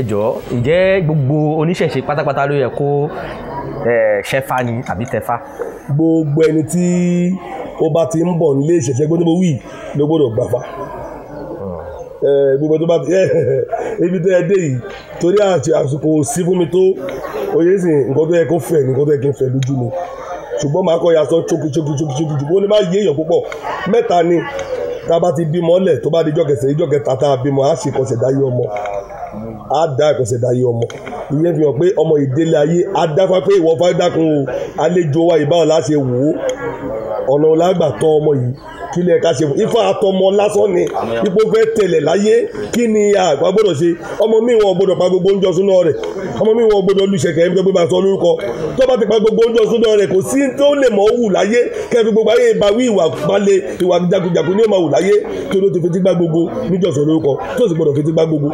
ẹ jọ̀ọ́ ǹjẹ́ gbogbo oníṣẹ̀ṣe pátápátá ló yẹ kó ṣẹfa ni àbí tẹfa. gbogbo ẹni tí ó bá ti ń bọ̀ nílé ìṣẹ̀ṣe gbọ́dọ̀ bó wì ló gbọ́dọ̀ gbàfà gbogbo tó bá ti ibi tó yẹ dé yìí torí àsìkò sí fún mi tó oyè sìn nǹkan tó yẹ kó fẹ́ nǹkan tó yẹ kí n fẹ́ lójú mi ṣùgbọ́n màá kọ́ ya sọ ṣókí tá a bá ti bímọ lẹ̀ tó bá di ijọ́ kẹsẹ̀ ijọ́ kẹta tá a bímọ á ṣe ìkọsẹ̀ dáyé ọmọ á dá ìkọsẹ̀ dáyé ọmọ ìyẹn fi hàn pé ọmọ ìdílé ayé á dáfá pé ìwọ fáwọn dákun o àlejò wa ìbáwọn láṣẹ wò ó ọ̀nà ọ̀làgbà tọ́ ọmọ yìí kí lè ká ṣe fún ifá àtọmọ lásán ni ipò fẹ́ tẹ̀lé láyé kí ni àgbà gbọ́dọ̀ ṣe ọmọ mi wọn gbọ́dọ̀ pa gbogbo oúnjẹ súná rẹ̀ ọmọ mi wọn gbọ́dọ̀ olùṣẹ̀kẹ̀ ẹ̀mí tó gbé bá sọ lórúkọ tó bá ti pa gbogbo oúnjẹ súná rẹ̀ kò sí tó lè mọ̀ ọ́ wù láyé kẹfì gbogbo ayé bá wí ìwà balẹ̀ ìwà jagunjagun ni ó máa wù láyé tó ló ti fetí gbá gbogbo níjọsọ lórúkọ tó sì gbọ́dọ̀ fetí gbá gbogbo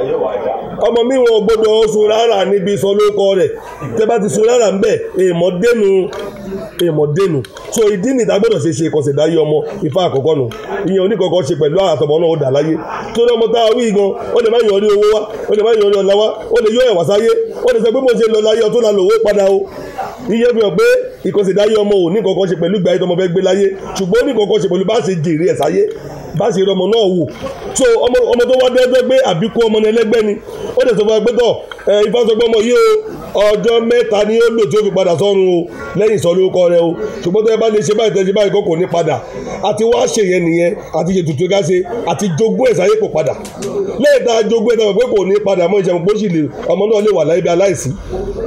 ọmọ mi wọn gbọ́dọ̀ sun rárá níbi sọ lórúkọ rẹ̀ tẹ bá ti sun rárá ń bẹ̀ èèmọ̀ dénú èèmọ̀ dénú so ìdí nìta gbọ́dọ̀ ṣe ṣe ìkọ̀sẹ̀dá yé ọmọ ìfá àkọ́kọ́ nù ìyẹn oníkọ̀ọ́kọ́ ṣe pẹ̀lú àtọ̀mọ́ náà ó dà láyé torí ọmọ tá a wí gan ó lè má yọ orí owó wá ó lè má yọ orí ọ̀la wá ó lè yọ ẹ̀wà sáyé ó lè sọ pé mo ṣe lọ láyé ọtún lálọ́ owó padà o ìyẹn fi hàn pé ìkọ̀sẹ̀dá yé ọmọ ò níkọ̀ọ́kọ́ ṣe pẹ̀lú ìgbà ayé tọmọ fẹ́ gbé láyé ṣùgbọ́n oníkọ̀ọ́kọ́ ṣe pẹ̀lú bá ṣe jèrè ẹ̀ sáyé bá ṣe rọmọ náà wò so ọmọ tó wá dẹ́gbẹ́ àbíkú ọmọ ẹlẹ́gbẹ́ ni ó lè sọ fún ẹgbẹ́ tọ̀ ifá sọ pé ọmọ yìí o ọjọ́ mẹ́ta ni ó lò tí ó fi padà sọ́run o lẹ́yìn sọ lórúkọ rẹ o ṣùgbọ́n tó yẹ bá lè ṣe báyìí tẹ́sí báyìí kò ní padà àti wá ṣe yẹn nìyẹn àti ṣètò tó ga ṣe àti jogún ẹ̀sà yẹ kò padà lẹ́yìn tá a jogún ẹ̀sà pé kò ní padà mọ́ ìṣẹ̀mú pé ó sì lè ọmọ náà lè wà láyé bí aláìsí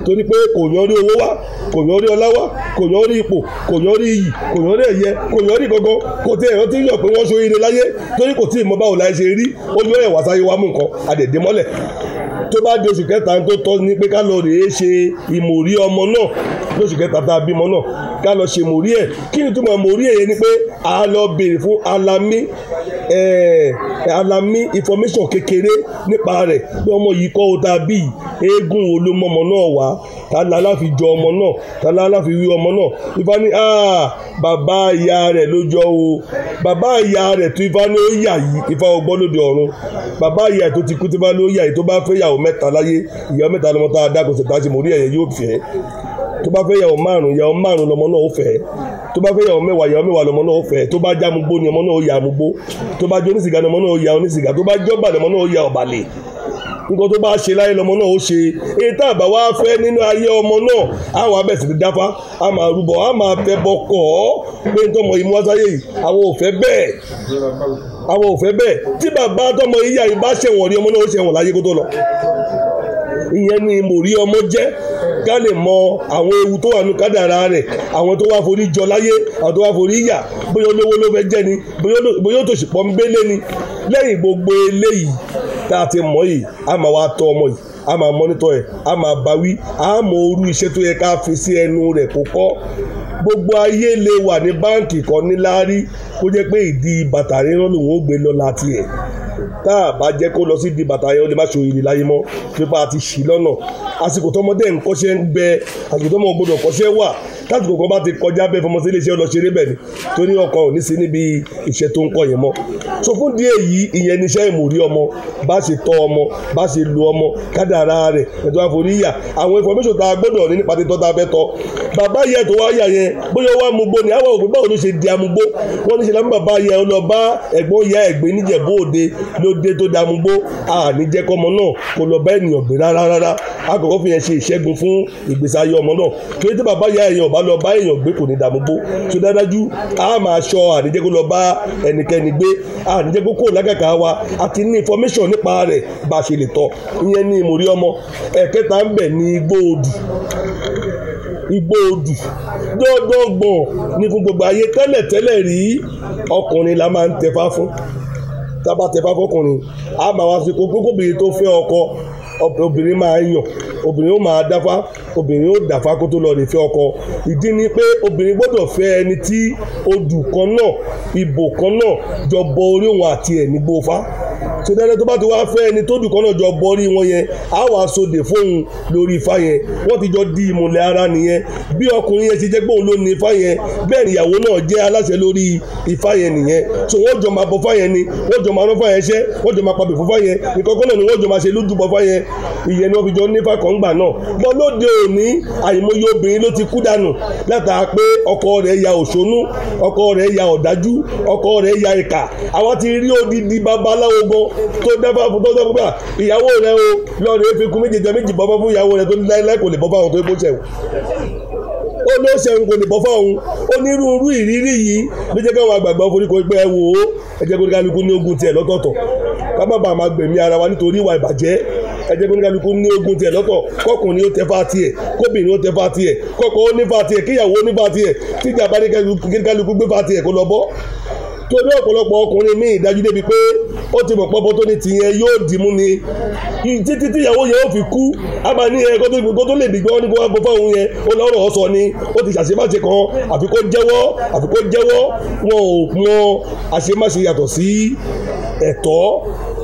torí pé kò yan orí owó wá kò yan orí ọlá wá kò yan orí ipò kò yan orí iyì kò yan orí ẹ̀yẹ kò yan orí gangan kò tí èèyàn ti ń yàn pé wọ́n ṣoríire láyé torí kò tí ì mọ báwo láyé ṣe rí ó ẹ̀wà sáyé wá mú nǹkan adẹ̀dẹ̀mọ́lẹ̀ tó bá di oṣù kẹta tó tọ́ ni pé ká lọ rèé ṣe ìmòrí ọmọ náà lóṣù kẹta tá a bímọ náà ká lọ ṣe mòrí ẹ̀ kí ni túmọ̀ mòrí ẹ̀ yẹn ni pé a lọ béèrè fún alami alami information kékeré nípa rẹ̀ pé ọmọ yìí kọ́ o tá a bí eégún olómọmọ náà wá tálá láfi jọ ọmọ náà tálá láfi wí ọmọ náà ifá ní bàbá ìyá rẹ̀ ló jọ o bàbá ìyá rẹ̀ tó ifá ní ó yà yìí ifá ọgbọ́n lóde ọ̀run bàbá ìyá tó ti kú tó ifá ní ó yà yìí tó bá fẹ́ yàwó mẹ́ta láyé ìyá mẹ́ta lọ́mọ tá a dá kò sì tá a ti mọ̀ orí ẹ̀yẹ yóò fẹ́ tó bá fẹ́ yàwó márùn yàwó márùn lọ́mọ náà ó fẹ́ tó bá fẹ́ yàwó mẹ́wàá yàwó mẹ́wàá lọ́mọ náà ó fẹ́ tó bá jámugbó ni ọmọ náà ó yà àmugbó tó bá jó onísìgá ni ọmọ náà ó yà onísìgá tó bá jọ́bà ni ọmọ náà ó yà ọ̀bàlẹ̀ nǹkan tó bá ṣe láyé lọmọ náà ó ṣe ètò àbá wa fẹ́ nínú ayé ọmọ náà àwọn abẹ́sẹ̀ ti dáfá a máa rúbọ a máa fẹ́ bọ kọ́ ọ́ pé n tọmọ ìmú wáṣáyé yìí àwọn ò fẹ́ bẹ́ẹ̀ àwọn ò fẹ́ bẹ́ẹ̀ tí bàbá tọmọ yíyá yìí bá ṣẹ̀wọ̀n rí ọmọ náà ó ṣẹ̀wọ̀n láyé kó tó lọ ìyẹn ni mo rí ọmọ jẹ́ ká lè mọ àwọn ewu tó wà ní kádàrá rẹ̀ àwọn tó wá forí jọ láyé àwọn tó wá forí yà bóyá olówó ló fẹ́ jẹ́ ni bóyá òtòṣìpọ̀ ń gbélé ni lẹ́yìn gbogbo eléyìí tá a ti mọ̀ yìí a máa wá tọ́ ọmọ yìí a máa mọ́nítọ̀ ẹ̀ a máa bá wí a mọ orú iṣẹ́ tó yẹ ká fi sí ẹnu rẹ̀ kó kọ́ gbogbo ayé lè wà ní báǹkì kan níláárí kó jẹ́ pé ìdí bàtà rírán lòun ó gbé lọ láti ẹ̀ tá a bá jẹ́ kó lọ sí di bàtà yẹn ó lè má ṣòro ìrìn láyé mọ́ nípa àti ṣì lọ́nà àsìkò tọmọdé nkọ́ṣẹ́ ń bẹ àsìkò tọmọ gbọdọ̀ kọ́ṣẹ́ wà tásìkò kan bá ti kọjá bẹ́ẹ̀ fọmọ sí iléeṣẹ́ ọlọ́ṣeré bẹ̀ ni tó ní ọkọ ò ní sí níbi iṣẹ́ tó ń kọ́ yẹn mọ́ so fún díẹ̀ yìí ìyẹn ni iṣẹ́ ìmòrí ọmọ bá ṣe tọ́ ọmọ bá ṣe lo ọmọ kádàrá rẹ̀ ẹ̀tọ́ àforíyà àwọn information tá a gbọ́dọ̀ ní nípa títọ́ tá fẹ́ tọ́ bàbá yẹ tó wá yà yẹn bóyá wà mú gbó ni àwọn òpin báwo ló ṣe di amúgbó wọ́n ní ṣe lámú bàbá yẹ ọ lọ bá ẹ̀gbọ́n ya ẹ̀gbẹ́ níjẹ̀bú òde ló dé tó di amúgbó àní jẹ́ kọ́mọ náà kó lọ bá ènìyàn gbé rárá rárá àkọ́kọ́ fi yẹn ṣe ìṣẹ́gun fún ìgbésí ayé ọmọ náà kí ló dé bàbá ya èèyàn ọba lọ bá èèyàn gbé kò ní dàmúgbó tó dájú a máa ṣọ àníjẹ́ lọ bá ẹnikẹ́ni gbé àníjẹ́ kó lágàkà wa àti ní information nípa rẹ̀ bá a ṣe lè tọ́ ìyẹn ní ìmòrí ọmọ ẹ̀kẹta ń bẹ ní igbó igbó odù gbọ́gbọ́gbọ̀n nígun gbogbo ayé tẹ́lẹ̀tẹ́lẹ̀ rí ọkùnrin la máa ń tẹ̀fá fún tábà tẹ̀fá fọkùnrin a máa wá sí kó gbogbo obìnrin tó fẹ́ ọkọ obìnrin máa ń yàn obìnrin ó máa dáfá obìnrin ó dáfá kó tó lọ lè fẹ́ ọkọ ìdí ni pé obìnrin gbọ́dọ̀ fẹ́ ẹni tí odù kan náà ibò kan náà jọ bọ orí òun àti ẹ̀ ní gbófa tó dáadáa tó bá ti wá fẹ́ ẹni tó dùn kan náà jọ bọ orí wọn yẹn á wàá sóde fóun lórí ifá yẹn wọ́n ti jọ di ìmùlẹ̀ ara nìyẹn bí ọkùnrin yẹn ṣe jẹ́ pé òun ló ní ifá yẹn bẹ́ẹ̀ níyàwó náà jẹ́ aláṣẹ lórí ifá yẹn nìyẹn so wọ́n jọ máa bọ fá yẹn ni wọ́n jọ máa rán fá yẹn ṣẹ́ wọ́n jọ máa pabẹ̀ fún fá yẹn nǹkan náà ni wọ́n jọ máa ṣe lójú bọ fá yẹn ìyẹn ni wọ́n fi jọ ní fàkọ́ngbà náà bọ́ lóde òní àìmọye obìnrin ló ti kú dànù pé ọkọ rẹ̀ ya òṣónú ọkọ rẹ̀ ya ọ̀dájú ọkọ rẹ̀ ya ìkà àwọn ti rí odidi babaláwo gan tó dábàá fún tó dábàá ìyàwó rẹ̀ o lọ́ọ̀rẹ́ fi kún méje jẹ méjì bọ́ fún ìyàwó tó kò ó ló ní ogun ara wa nítorí ìwà ẹjẹ pé oníkálukú ní ogun tiẹ̀ lọ́tọ̀ kọkùnrin ó tẹ fà tiẹ̀ kóbìnrin ó tẹ fà tiẹ̀ kọkọ ó ní fà tiẹ̀ kíyàwó ó ní fà tiẹ̀ tíjà bá ní kálukú gbé fà tiẹ̀ kó lọ bọ́ torí ọ̀pọ̀lọpọ̀ ọkùnrin míì dájú débi pé ó ti mọ̀ pọ́pọ́ tó ní tìyẹn yóò dì mú ni títí tíyàwó yẹn ó fi kú a máa ní ẹ̀kọ́ tó lè dìgbọ́ ní gbogbo àgbọ̀fọ́ òun yẹn ó lọ́rọ̀ ọ̀sọ̀ ni ó ti ṣàṣemáṣe kan àfi kó jẹ́wọ́ àfi kó jẹ́wọ́ wọn ò mọ àṣemáṣe yàtọ̀ sí ẹ̀tọ́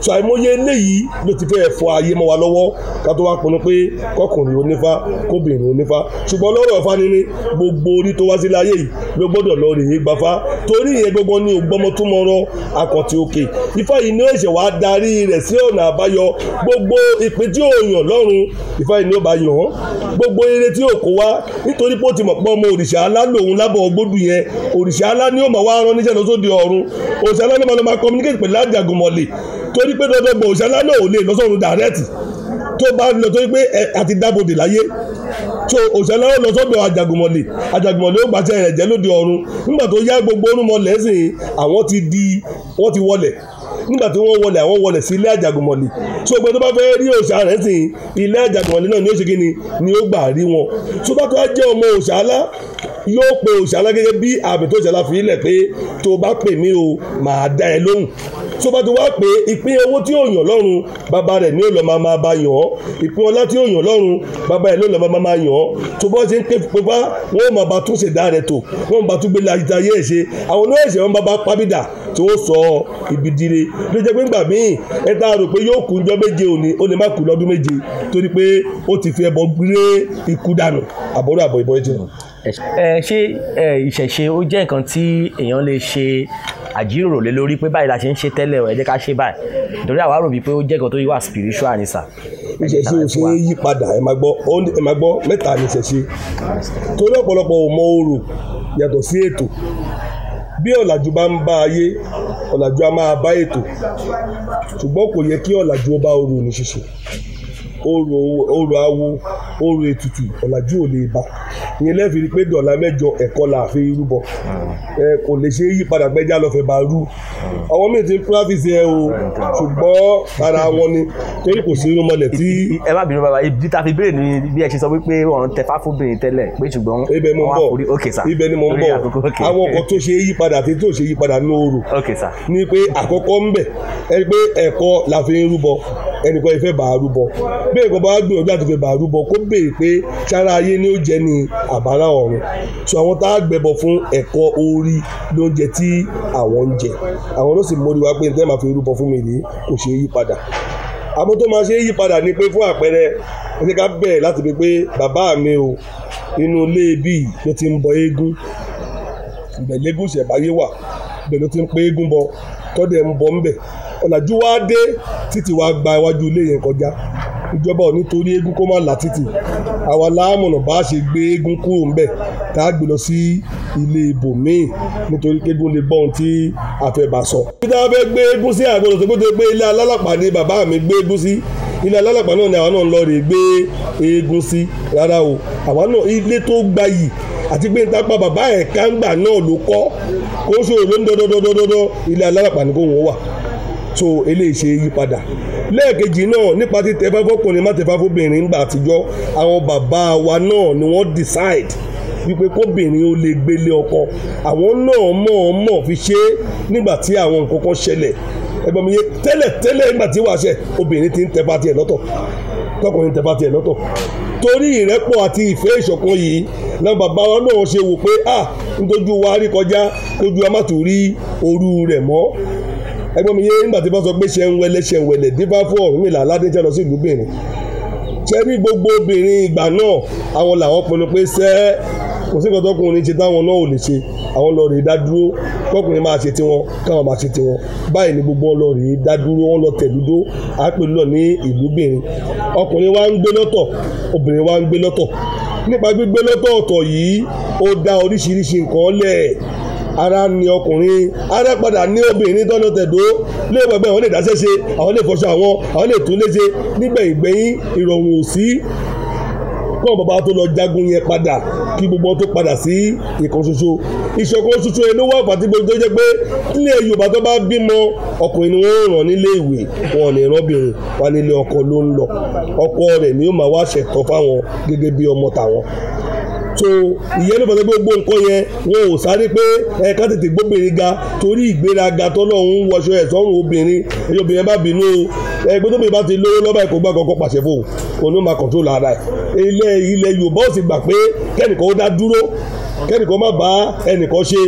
so àìmọye eléyìí ló ti fẹ́ fọ ayé mọ́ wa lọ́wọ́ ká tó wá pinnu pé kọkùnrin onífá kóbìnrin onífá ṣùgbọ́n lọ́rọ̀ ọ̀fá ni ní gbogbo orí tó wá sí láyé yìí ló gbọ́dọ̀ lọ rèé gbafá torí ìyẹn gbogbo ní ògbọ́mọ tó mọ ọ̀rọ̀ àkàntì òkè ifá yìí ní ó ṣe wàá darí rẹ̀ sí ọ̀nà àbáyọ gbogbo ìpín tí ò yàn lọ́rùn ifá yìí ní ó bá yàn án gbogbo eré tí ò kó wá nítorí pé ó ti mọ̀ pé ọmọ òrìṣà alá lòun lábọ̀ ọgbódù yẹn òrìṣà alá ni ó mọ̀ wá rán níṣẹ́ lọ sóde ọ̀run òrìṣà alá ni ó máa communicate pẹ̀lú àjàgùnmọ̀lẹ̀ torí pé dandan gbòòṣálá náà ò lè lọ sọ́run dàrẹ́tì tó bá lọ torí pé àti dábòdè láyé so òṣèlú ọ̀nà sọ́dọ̀ àjàgùmọ̀lẹ̀ àjàgùmọ̀lẹ̀ ó gbàṣẹ rẹ̀ jẹ́ lóde ọ̀run nígbà tó yá gbogbo orúmọ lẹ́sìn àwọn ti di wọ́n ti wọlẹ̀ nígbà tí wọ́n wọlẹ̀ àwọn wọlẹ̀ sí ilé àjàgùmọ̀lẹ̀ so gbogbo tó bá fẹ́ rí òṣà rẹ̀ sìn ilé àjàgùmọ̀lẹ̀ náà ni ó ṣe kí ni ni ó gbà rí wọn so bá tó jẹ́ ọmọ òṣàlá yóò pe òṣàlá gẹ́gẹ́ bí àmì tó òṣàlá fi ilẹ̀ pé tó bá pè mí o màá dá ẹ lóhùn tó bá ti wá pé ìpín owó tí yóò yàn lọ́rùn bàbá rẹ̀ ní òòlọ́ máa máa bá yàn ọ́ ìpín ọlá tí yóò yàn lọ́rùn bàbá rẹ̀ ní òòlọ́ máa máa yàn ọ́ tó bá ti ń ké pípa wọ́n máa bá tún ṣèdá rẹ̀ tó wọ́n máa tún gbélé ayé ẹ̀ ṣe àwọn oníṣẹ́ wọn bàbá pábídà tí ó sọ ibi dire ló jẹ́ pé ńgbà míì ẹ tá a rò pé yóò kú ńjọ́ méje òní ó lè má kú lọ́dún méje torí pé ó ti fi ẹbọ gbé ikú dànù àbọ̀rọ̀ àbọ̀ ìbọn ẹ̀jẹ̀. ẹ ṣé ìṣẹ̀ṣe ó jẹ́ nǹkan tí èèyàn lè ṣe àjíròrò lé lórí pé báyìí la ṣe ń ṣe tẹ́lẹ̀ ẹ jẹ́ ká ṣe báyìí torí àwa rò wípé ó jẹ́ kan tó yí wà spiritual ni sà. ìṣẹ̀ṣe ò ṣe é yí padà ẹ máa gbọ́ ẹ máa gbọ́ mẹ́ta ni ìṣẹ̀ṣe torí ọ̀pọ̀lọpọ̀ ò mọ orò yàtọ̀ sí ètò bí ọ̀làjú bá ń bá ayé ọ̀làjú á máa bá ètò ṣùgbọ́n kò yẹ kí ọ̀làjú ó bá orò ní ṣíṣe orò orò awo orò ètùtù ọ̀làjú ò lè bá ìyẹn lẹ́ẹ̀fì rí pé dọ̀là mẹ́jọ ẹ̀kọ́ là fi rúbọ ẹ kò lè ṣe yí padà gbẹ́jà lọ́fẹ̀ bá rú àwọn míì ti ń practice ẹ o ṣùgbọ́n ara wọn ni torí kò sí irúnmọlẹ̀ tí. ẹ má bínú bàbá ibi tá a fi béèrè ní bí ẹ ṣe sọ wípé ọ̀run tẹfá fóbìnrin tẹ́lẹ̀ pé ṣùgbọ́n wọn wà kúrí òkè sà ibẹ̀ ni mo ń bọ̀ àwọn ọkọ̀ tó ṣe yí padà àti tó ṣe yí padà ní oru ni pé àkọ́kọ́ ń bẹ̀ ẹ pé ẹ̀kọ́ la fi ń rúbọ ẹnìkan ìfẹ́ bàárù bọ bẹ́ẹ̀ kọ́ bá gbìyànjú àti ìfẹ́ bàárù bọ kó béèrè pé sára ayé ni ó jẹ́ ni àbárà ọ̀run so àwọn tá a gbẹbọ fún ẹ̀kọ́ orí lóúnjẹ tí àwọn ń jẹ àwọn ló sì mórí wá pé nítorí màá fi rúbọ fún mi rèé kò ṣe é yí padà àmọ́ tó máa ṣe é yí padà ni pé fún àpẹẹrẹ ẹ ká bẹ̀rẹ̀ láti fi pé bàbá mi o inú ilé ibi ló ti ń bọ eégún ìbẹ̀lẹ́gùn ìṣẹ̀báyé wà ìbẹ̀ ló ti ń pé eégún bọ tọ́dẹ̀ ń ọ̀làjú wá dé títì wá gba iwájú ilé yẹn kọjá ìjọba ò nítorí eégún kó má là títì àwa láàmùnà bá ṣe gbé eégún kúrò ńbẹ̀ tá a gbé lọ sí ilé ibòmíì nítorí kéégún lè bọ́ ohun tí a fẹ́ bá sọ. bí táwọn fẹ́ gbé eégún sí àgbọ̀dọ̀ tó gbé ilé alálàpà ni bàbá mi gbé eégún sí ilé alálàpà náà ni àwọn náà ń lọ rè gbé eégún sí rárá o àwa náà ilé tó gbayì àti pé nítapá bàbá ẹ̀ kángbà náà ló kọ́ kó ṣòro ló ń dọ́dọ́dọ́dọ́dọ́ ilé alálàpà ni kò wọ́n wà so eléyìí ṣe yí padà lẹ́ẹ̀kejì náà nípa títẹ fáfọ́kùnrin má tẹ̀fá fóbìnrin ńgbà àtijọ́ àwọn bàbá wa náà ni wọ́n decide wípé kóbìnrin ó lè gbélé ọkọ àwọn náà mọ̀ọ́mọ̀ fi ṣe é nígbà tí àwọn nǹkan kan ṣẹlẹ̀ ẹgbọ́n mi yé tẹ́lẹ̀ tẹ́lẹ̀ nígbà tí wàá ṣe obìnrin ti ń tẹ bá tiẹ̀ lọ́tọ̀ tọkùnrin tẹ bá tiẹ̀ lọ́tọ̀ torí ìrẹ́pọ̀ àti ìfẹ́ ìṣọ̀kan yìí làwọn bàbá wa náà ṣe wò pé ah nítorí wa rí kọjá kójú wa má tún rí orú rẹ̀ mọ́ ẹgbọ́n mi yé nígbà tí wọ́n sọ pé ṣẹun wẹlẹ ṣẹun wẹlẹ dífá fún Ọ̀rúnmìlà aládéjọ́ lọ sí ìlú Benin ṣe rí gbogbo obìnrin ìgbà náà àwọn làwọn pinnu pé ṣẹ́ kò sí nǹkan tọkùnrin ṣe táwọn náà ò lè ṣe àwọn lọ rèé dádúró tọkùnrin máa ṣe tiwọn káwọn máa ṣe tiwọn báyìí ni gbogbo wọn lọ rèé dádúró wọn lọ tẹ̀dúdó àápè lọ ní ìlúgbìnrin ọkùnrin wa ń gbé lọ́tọ̀ obìnrin wa ń gbé lọ́tọ̀ nípa gbígbé lọ́tọ̀ ọ̀tọ̀ yìí ó dá oríṣiríṣi nǹkan lẹ̀ ara ni ọkùnrin ara padà ní obìnrin tọ́nu tẹ̀dó lé gbẹgbẹ́ àwọn lè dáṣẹ́ ṣe àwọn lè fọṣọ àwọn àwọn lè tún léṣe nígbẹ̀yìngbẹ̀yìn ìrọ̀rùn ò sí kọ́ bàbá tó lọ jagun yẹn padà kí gbogbo tó padà sí ìkan ṣoṣo ìṣọ̀kan ṣoṣo yẹn ló wà pàtí gbogbo tó jẹ́ pé ilé Yorùbá tó bá bímọ ọkùnrin ni wọ́n ràn nílé ìwé wọn ní rọ́bìnrin wà nílé ọkọ ló ń lọ ọkọ rẹ̀ ni ó máa wá ṣẹ̀tọ́ fáwọn gẹ́gẹ́ bí ọmọ tàwọn so ìyẹn ló fẹ́ gbogbo nǹkan yẹn wọn ò sáré pé ẹ ká tètè gbóbìnrin ga torí ìgbéraga tọ́lọ́run wọṣọ ẹ̀ sọ́run obìnrin ẹ̀yọ́ obìnrin bá bínú o ẹgbẹ́ tóbi bá ti lówó lọ́ba ẹ̀kọ́ gbà kọ́kọ́ pàṣẹ fún òun òun máa kọ̀ntrol ara ẹ̀ ilẹ̀ ilẹ̀ Yorùbá ò sì gbà pé kẹ́nìkan ó dá dúró kẹ́nìkan má bá ẹnìkan ṣe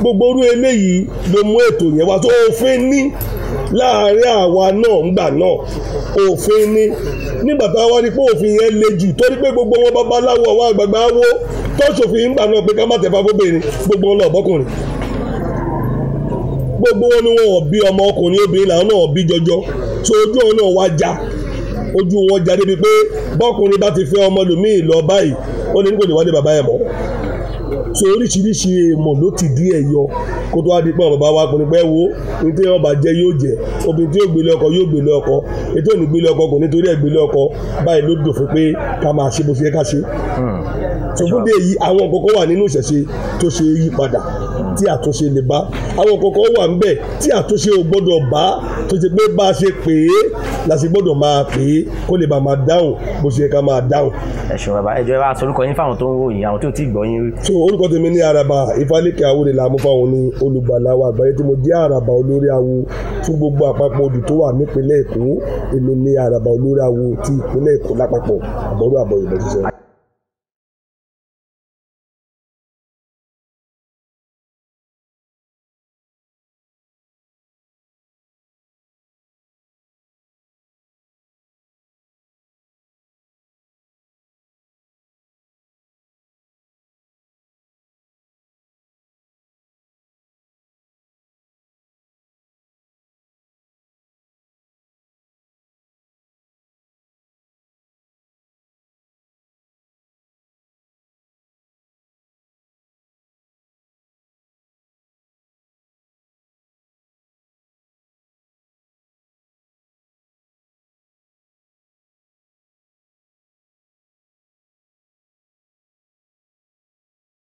gbogbo orú eléyìí ló mú ètò yẹn wá tó òfin ní láàárín àwa náà ńgbà náà òfin ni nígbà tá a wá rí pé òfin yẹn le jù torí pé gbogbo wọn babaláwo àwọn àgbààgbà wo tọ́sọ̀fin ńgbà náà pé ká má tẹ̀fà fóbìnrin gbogbo wọn lọ bọ́kùnrin gbogbo wọn ni wọn ò bí ọmọ ọkùnrin obìnrin làwọn náà bí jọjọ tó ojú wọn náà wá já ojú wọn já débi pé bọ́kùnrin bá ti fẹ́ ọmọ lòmíì lọ báyìí ó ní kò ní wá dé bàbá ẹ̀ mọ́ so oríṣiríṣi èèmọ̀ ló ti di ẹ̀ yọ kó tó wá di pé bàbá wa pinnu pé ẹ wo ní tí wọn yóò jẹ obìnrin tí yóò gbélé ọkọ yóò gbélé ọkọ ètò ìlú gbélé ọkọ kò nítorí ẹ gbélé ọkọ báyìí ló dòfin pé ká máa ṣe bó ṣe ká ṣe ṣùgbọ́n dé yìí àwọn kọ̀ọ̀kan wà nínú ìṣẹ̀ṣe tó ṣe yí padà tí àtúnṣe lè bá àwọn kọ̀ọ̀kan wà ń bẹ̀ tí àtúnṣe ò gbọ́dọ̀ bá tó ṣe pé bá a ṣe pè é la ṣe gbọ́dọ̀ máa pè é kó lè bá máa dáhùn bó ṣe yẹ ká máa dáhùn. ẹ ṣeun ẹ jọ̀ọ́ ẹ bá aṣọ orúkọ yín fáwọn tó ń wò yín àwọn tó ti gbọ́ yín rí. so orúkọ tèmi ní àràbà ìfálẹ́kẹ̀ àwo lè làmú fáwọn ní olùgbàláwa àgbáyé tí mo jẹ́ àràbà olórí awo fún gbogbo àpapọ̀ odù tó wà nípínlẹ̀ èkó èmi ní àràbà olórí awo ti ìpínlẹ̀ èkó lápapọ̀ àbọ̀rú àbọ̀yìnbó ṣiṣẹ́.